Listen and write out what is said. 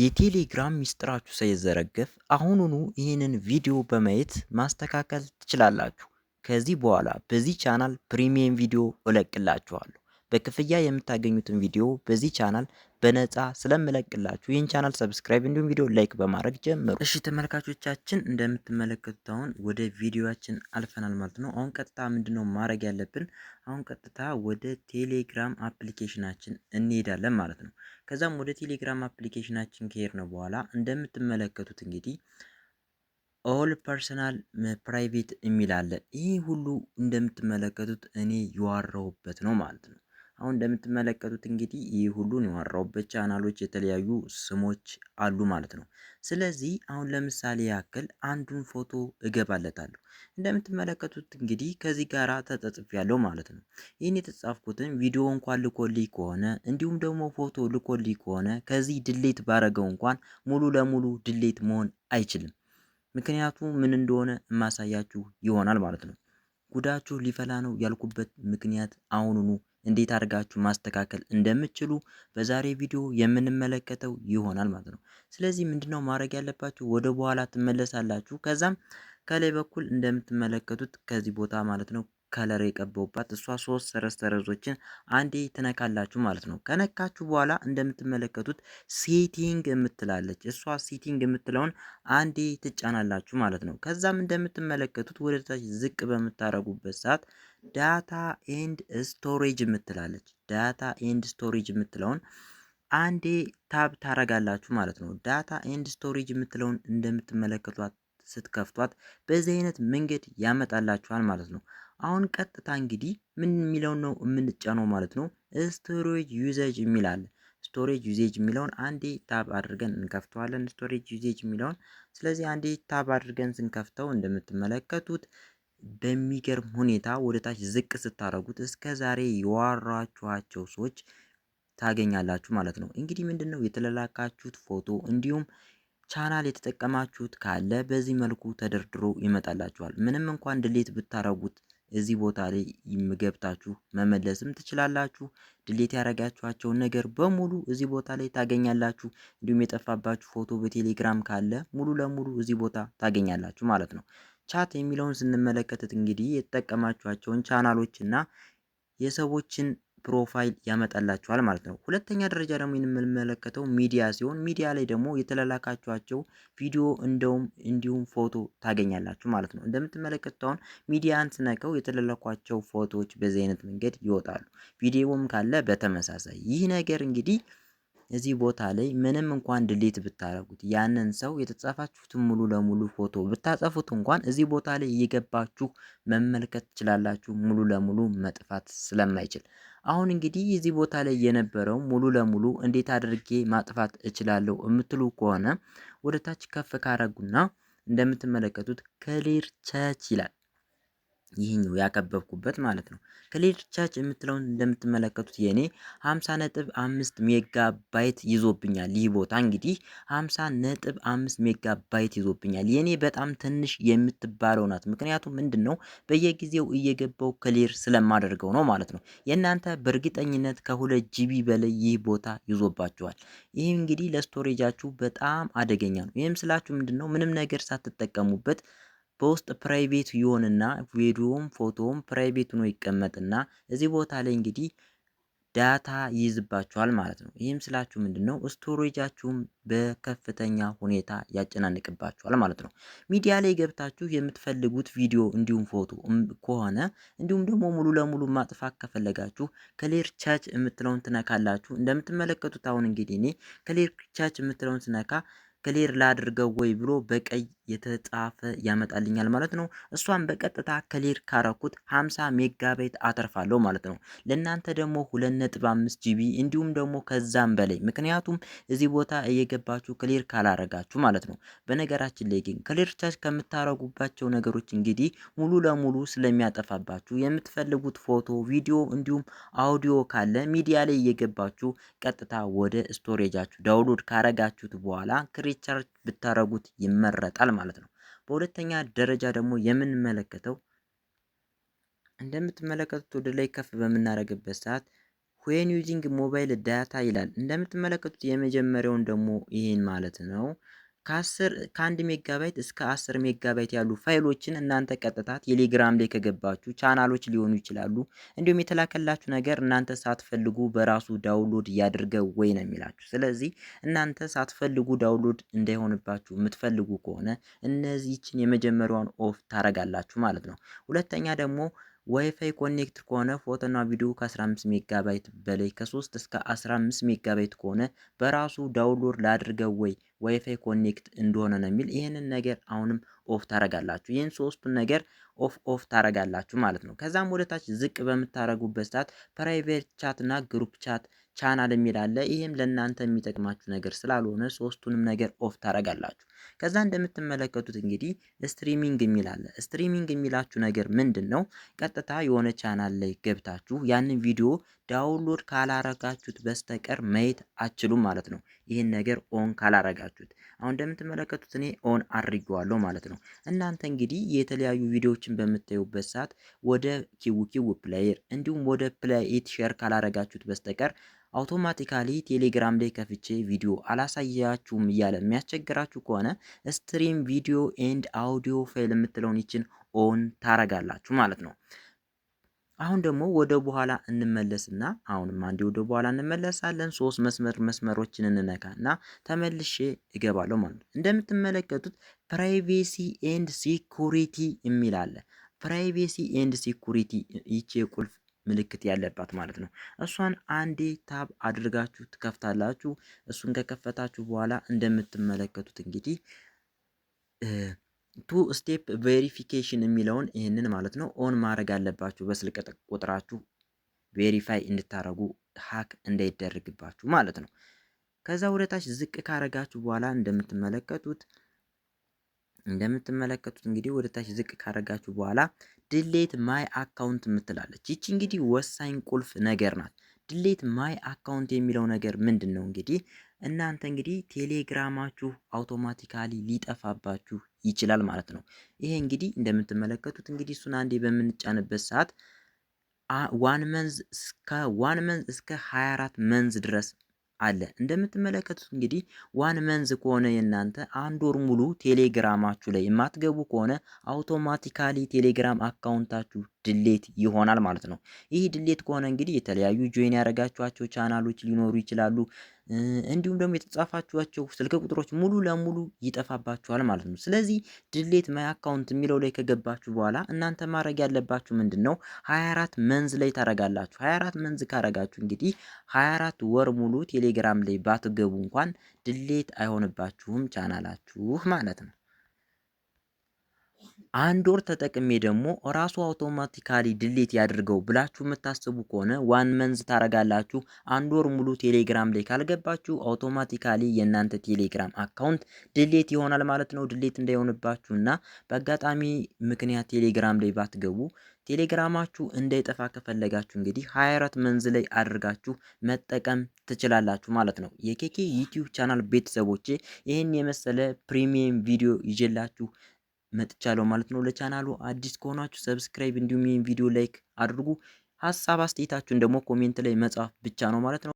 የቴሌግራም ሚስጥራችሁ ሳይዘረገፍ አሁኑኑ ይህንን ቪዲዮ በማየት ማስተካከል ትችላላችሁ። ከዚህ በኋላ በዚህ ቻናል ፕሪሚየም ቪዲዮ እለቅላችኋለሁ። በክፍያ የምታገኙትን ቪዲዮ በዚህ ቻናል በነፃ ስለምለቅላችሁ ይህን ቻናል ሰብስክራይብ እንዲሁም ቪዲዮ ላይክ በማድረግ ጀምሩ። እሺ ተመልካቾቻችን እንደምትመለከቱት አሁን ወደ ቪዲዮችን አልፈናል ማለት ነው። አሁን ቀጥታ ምንድነው ማድረግ ያለብን? አሁን ቀጥታ ወደ ቴሌግራም አፕሊኬሽናችን እንሄዳለን ማለት ነው። ከዛም ወደ ቴሌግራም አፕሊኬሽናችን ከሄድ ነው በኋላ እንደምትመለከቱት እንግዲህ ኦል ፐርሰናል ፕራይቬት የሚል አለ። ይህ ሁሉ እንደምትመለከቱት እኔ የዋራሁበት ነው ማለት ነው። አሁን እንደምትመለከቱት እንግዲህ ይህ ሁሉን የወራውበት ቻናሎች የተለያዩ ስሞች አሉ ማለት ነው። ስለዚህ አሁን ለምሳሌ ያክል አንዱን ፎቶ እገባለታለሁ። እንደምትመለከቱት እንግዲህ ከዚህ ጋራ ተጸጽፍ ያለው ማለት ነው። ይህን የተጻፍኩትን ቪዲዮ እንኳን ልኮልኝ ከሆነ እንዲሁም ደግሞ ፎቶ ልኮልኝ ከሆነ ከዚህ ድሌት ባረገው እንኳን ሙሉ ለሙሉ ድሌት መሆን አይችልም። ምክንያቱ ምን እንደሆነ የማሳያችሁ ይሆናል ማለት ነው። ጉዳችሁ ሊፈላ ነው ያልኩበት ምክንያት አሁኑኑ እንዴት አድርጋችሁ ማስተካከል እንደምትችሉ በዛሬ ቪዲዮ የምንመለከተው ይሆናል ማለት ነው። ስለዚህ ምንድነው ማድረግ ያለባችሁ? ወደ በኋላ ትመለሳላችሁ። ከዛም ከላይ በኩል እንደምትመለከቱት ከዚህ ቦታ ማለት ነው ከለር የቀበውባት እሷ ሶስት ሰረዝ ሰረዞችን አንዴ ትነካላችሁ ማለት ነው። ከነካችሁ በኋላ እንደምትመለከቱት ሴቲንግ የምትላለች እሷ ሴቲንግ የምትለውን አንዴ ትጫናላችሁ ማለት ነው። ከዛም እንደምትመለከቱት ወደ ታች ዝቅ በምታደርጉበት ሰዓት ዳታ ኤንድ ስቶሬጅ የምትላለች ዳታ ኤንድ ስቶሬጅ የምትለውን አንዴ ታብ ታረጋላችሁ ማለት ነው። ዳታ ኤንድ ስቶሬጅ የምትለውን እንደምትመለከቷት ስትከፍቷት በዚህ አይነት መንገድ ያመጣላችኋል ማለት ነው። አሁን ቀጥታ እንግዲህ ምን የሚለውን ነው የምንጫነው ማለት ነው። ስቶሬጅ ዩዘጅ የሚላል ስቶሬጅ ዩዜጅ የሚለውን አንዴ ታብ አድርገን እንከፍተዋለን። ስቶሬጅ ዩዜጅ የሚለውን ስለዚህ አንዴ ታብ አድርገን ስንከፍተው እንደምትመለከቱት በሚገርም ሁኔታ ወደ ታች ዝቅ ስታደርጉት እስከ ዛሬ የዋራችኋቸው ሰዎች ታገኛላችሁ ማለት ነው። እንግዲህ ምንድን ነው የተለላካችሁት ፎቶ እንዲሁም ቻናል የተጠቀማችሁት ካለ በዚህ መልኩ ተደርድሮ ይመጣላችኋል። ምንም እንኳን ድሌት ብታረጉት እዚህ ቦታ ላይ ገብታችሁ መመለስም ትችላላችሁ። ድሌት ያረጋችኋቸውን ነገር በሙሉ እዚህ ቦታ ላይ ታገኛላችሁ። እንዲሁም የጠፋባችሁ ፎቶ በቴሌግራም ካለ ሙሉ ለሙሉ እዚህ ቦታ ታገኛላችሁ ማለት ነው። ቻት የሚለውን ስንመለከትት እንግዲህ የተጠቀማችኋቸውን ቻናሎች እና የሰዎችን ፕሮፋይል ያመጣላችኋል ማለት ነው። ሁለተኛ ደረጃ ደግሞ የምንመለከተው ሚዲያ ሲሆን ሚዲያ ላይ ደግሞ የተላላካችኋቸው ቪዲዮ እንደውም እንዲሁም ፎቶ ታገኛላችሁ ማለት ነው። እንደምትመለከቱት አሁን ሚዲያን ስነከው የተላላኳቸው ፎቶዎች በዚህ አይነት መንገድ ይወጣሉ። ቪዲዮም ካለ በተመሳሳይ ይህ ነገር እንግዲህ እዚህ ቦታ ላይ ምንም እንኳን ድሌት ብታደርጉት ያንን ሰው የተጻፋችሁትን ሙሉ ለሙሉ ፎቶ ብታጸፉት እንኳን እዚህ ቦታ ላይ እየገባችሁ መመልከት ትችላላችሁ፣ ሙሉ ለሙሉ መጥፋት ስለማይችል። አሁን እንግዲህ እዚህ ቦታ ላይ የነበረው ሙሉ ለሙሉ እንዴት አድርጌ ማጥፋት እችላለሁ የምትሉ ከሆነ ወደ ታች ከፍ ካረጉና እንደምትመለከቱት ክሊር ቸች ይላል። ይህኛው ያከበብኩበት ማለት ነው። ክሊር የምትለውን እንደምትመለከቱት የኔ 50 ነጥብ አምስት ሜጋ ባይት ይዞብኛል። ይህ ቦታ እንግዲህ 50 ነጥብ 5 ሜጋ ባይት ይዞብኛል። የኔ በጣም ትንሽ የምትባለው ናት። ምክንያቱም ምንድን ነው በየጊዜው እየገባው ክሊር ስለማደርገው ነው ማለት ነው። የእናንተ በእርግጠኝነት ከሁለት ጂቢ በላይ ይህ ቦታ ይዞባችኋል። ይህ እንግዲህ ለስቶሬጃችሁ በጣም አደገኛ ነው። ይህም ስላችሁ ምንድን ነው ምንም ነገር ሳትጠቀሙበት በውስጥ ፕራይቬት ይሆንና ቪዲዮም ፎቶም ፕራይቬት ሆኖ ይቀመጥና እዚህ ቦታ ላይ እንግዲህ ዳታ ይይዝባችኋል ማለት ነው። ይህም ስላችሁ ምንድን ነው ስቶሬጃችሁም በከፍተኛ ሁኔታ ያጨናንቅባችኋል ማለት ነው። ሚዲያ ላይ ገብታችሁ የምትፈልጉት ቪዲዮ እንዲሁም ፎቶ ከሆነ እንዲሁም ደግሞ ሙሉ ለሙሉ ማጥፋት ከፈለጋችሁ ክሊር ቻች የምትለውን ትነካላችሁ። እንደምትመለከቱት አሁን እንግዲህ እኔ ክሊር ቻች የምትለውን ስነካ ክሊር ላድርገው ወይ ብሎ በቀይ የተጻፈ ያመጣልኛል ማለት ነው። እሷን በቀጥታ ክሊር ካረኩት 50 ሜጋባይት አተርፋለሁ ማለት ነው። ለእናንተ ደግሞ 2.5 ጂቢ እንዲሁም ደግሞ ከዛም በላይ ምክንያቱም እዚህ ቦታ እየገባችሁ ክሊር ካላረጋችሁ ማለት ነው። በነገራችን ላይ ግን ክሊር ቻርጅ ከምታረጉባቸው ነገሮች እንግዲህ ሙሉ ለሙሉ ስለሚያጠፋባችሁ የምትፈልጉት ፎቶ፣ ቪዲዮ እንዲሁም አውዲዮ ካለ ሚዲያ ላይ እየገባችሁ ቀጥታ ወደ ስቶሬጃችሁ ዳውንሎድ ካረጋችሁት በኋላ ክሊር ብታረጉት ይመረጣል። ማለት ነው። በሁለተኛ ደረጃ ደግሞ የምንመለከተው እንደምትመለከቱት ወደ ላይ ከፍ በምናደርግበት ሰዓት ዌን ዩዚንግ ሞባይል ዳታ ይላል። እንደምትመለከቱት የመጀመሪያውን ደግሞ ይህን ማለት ነው። ከአንድ ሜጋባይት እስከ አስር ሜጋባይት ያሉ ፋይሎችን እናንተ ቀጥታ ቴሌግራም ላይ ከገባችሁ ቻናሎች ሊሆኑ ይችላሉ። እንዲሁም የተላከላችሁ ነገር እናንተ ሳትፈልጉ በራሱ ዳውንሎድ እያደርገው ወይ ነው የሚላችሁ። ስለዚህ እናንተ ሳትፈልጉ ዳውንሎድ እንዳይሆንባችሁ የምትፈልጉ ከሆነ እነዚህችን የመጀመሪያውን ኦፍ ታረጋላችሁ ማለት ነው። ሁለተኛ ደግሞ ዋይፋይ ኮኔክት ከሆነ ፎቶና ቪዲዮ ከ15 ሜጋባይት በላይ ከ3 እስከ 15 ሜጋባይት ከሆነ በራሱ ዳውንሎድ ላድርገው ወይ ዋይፋይ ኮኔክት እንደሆነ ነው የሚል። ይህንን ነገር አሁንም ኦፍ ታረጋላችሁ። ይህን ሶስቱን ነገር ኦፍ ኦፍ ታረጋላችሁ ማለት ነው። ከዛም ወደ ታች ዝቅ በምታረጉበት ሰዓት ፕራይቬት ቻት እና ግሩፕ ቻት ቻናል የሚል አለ። ይህም ለእናንተ የሚጠቅማችሁ ነገር ስላልሆነ ሶስቱንም ነገር ኦፍ ታረጋላችሁ። ከዛ እንደምትመለከቱት እንግዲህ ስትሪሚንግ የሚል አለ። ስትሪሚንግ የሚላችሁ ነገር ምንድን ነው? ቀጥታ የሆነ ቻናል ላይ ገብታችሁ ያንን ቪዲዮ ዳውንሎድ ካላረጋችሁት በስተቀር ማየት አትችሉም ማለት ነው። ይህን ነገር ኦን ካላረጋችሁት አሁን እንደምትመለከቱት እኔ ኦን አድርጌዋለሁ ማለት ነው። እናንተ እንግዲህ የተለያዩ ቪዲዮዎችን በምታዩበት ሰዓት ወደ ኪው ኪው ፕሌየር እንዲሁም ወደ ፕሌይት ሼር ካላረጋችሁት በስተቀር አውቶማቲካሊ ቴሌግራም ላይ ከፍቼ ቪዲዮ አላሳያችሁም እያለ የሚያስቸግራችሁ ከሆነ ስትሪም ቪዲዮ ኤንድ አውዲዮ ፋይል የምትለውን ይችን ኦን ታረጋላችሁ ማለት ነው። አሁን ደግሞ ወደ በኋላ እንመለስና አሁንም አንዴ ወደ በኋላ እንመለሳለን ሶስት መስመር መስመሮችን እና ተመልሼ እገባለሁ ማለት ነው። እንደምትመለከቱት ፕራይቬሲ ኤንድ ሲኩሪቲ የሚል አለ። ፕራይቬሲ ኤንድ ሲኩሪቲ ይቺ የቁልፍ ምልክት ያለባት ማለት ነው። እሷን አንዴ ታብ አድርጋችሁ ትከፍታላችሁ። እሱን ከከፈታችሁ በኋላ እንደምትመለከቱት እንግዲህ ቱ ስቴፕ ቬሪፊኬሽን የሚለውን ይህንን ማለት ነው ኦን ማድረግ አለባችሁ በስልክ ቁጥራችሁ ቬሪፋይ እንድታደረጉ ሀክ እንዳይደረግባችሁ ማለት ነው። ከዛ ወደ ታች ዝቅ ካረጋችሁ በኋላ እንደምትመለከቱት እንደምትመለከቱት እንግዲህ ወደ ታች ዝቅ ካረጋችሁ በኋላ ድሌት ማይ አካውንት የምትላለች ይቺ እንግዲህ ወሳኝ ቁልፍ ነገር ናት። ድሌት ማይ አካውንት የሚለው ነገር ምንድን ነው? እንግዲህ እናንተ እንግዲህ ቴሌግራማችሁ አውቶማቲካሊ ሊጠፋባችሁ ይችላል ማለት ነው። ይሄ እንግዲህ እንደምትመለከቱት እንግዲህ እሱን አንዴ በምንጫንበት ሰዓት ዋን መንዝ እስከ ዋን መንዝ እስከ 24 መንዝ ድረስ አለ። እንደምትመለከቱት እንግዲህ ዋን መንዝ ከሆነ የእናንተ አንድ ወር ሙሉ ቴሌግራማችሁ ላይ የማትገቡ ከሆነ አውቶማቲካሊ ቴሌግራም አካውንታችሁ ድሌት ይሆናል ማለት ነው። ይህ ድሌት ከሆነ እንግዲህ የተለያዩ ጆይን ያደረጋችኋቸው ቻናሎች ሊኖሩ ይችላሉ። እንዲሁም ደግሞ የተጻፋችኋቸው ስልክ ቁጥሮች ሙሉ ለሙሉ ይጠፋባችኋል ማለት ነው። ስለዚህ ድሌት ማይ አካውንት የሚለው ላይ ከገባችሁ በኋላ እናንተ ማድረግ ያለባችሁ ምንድን ነው? 24 መንዝ ላይ ታረጋላችሁ። 24 መንዝ ካረጋችሁ እንግዲህ 24 ወር ሙሉ ቴሌግራም ላይ ባትገቡ እንኳን ድሌት አይሆንባችሁም ቻናላችሁ ማለት ነው። አንድ ወር ተጠቅሜ ደግሞ ራሱ አውቶማቲካሊ ድሌት ያድርገው ብላችሁ የምታስቡ ከሆነ ዋን መንዝ ታረጋላችሁ። አንድ ወር ሙሉ ቴሌግራም ላይ ካልገባችሁ አውቶማቲካሊ የእናንተ ቴሌግራም አካውንት ድሌት ይሆናል ማለት ነው። ድሌት እንዳይሆንባችሁ እና በአጋጣሚ ምክንያት ቴሌግራም ላይ ባትገቡ ቴሌግራማችሁ እንዳይጠፋ ከፈለጋችሁ እንግዲህ 24 መንዝ ላይ አድርጋችሁ መጠቀም ትችላላችሁ ማለት ነው። የኬኬ ዩቲዩብ ቻናል ቤተሰቦቼ ይህን የመሰለ ፕሪሚየም ቪዲዮ ይዤላችሁ መጥቻለሁ ማለት ነው። ለቻናሉ አዲስ ከሆናችሁ ሰብስክራይብ እንዲሁም ይህን ቪዲዮ ላይክ አድርጉ። ሀሳብ አስተያየታችሁን ደግሞ ኮሜንት ላይ መጻፍ ብቻ ነው ማለት ነው።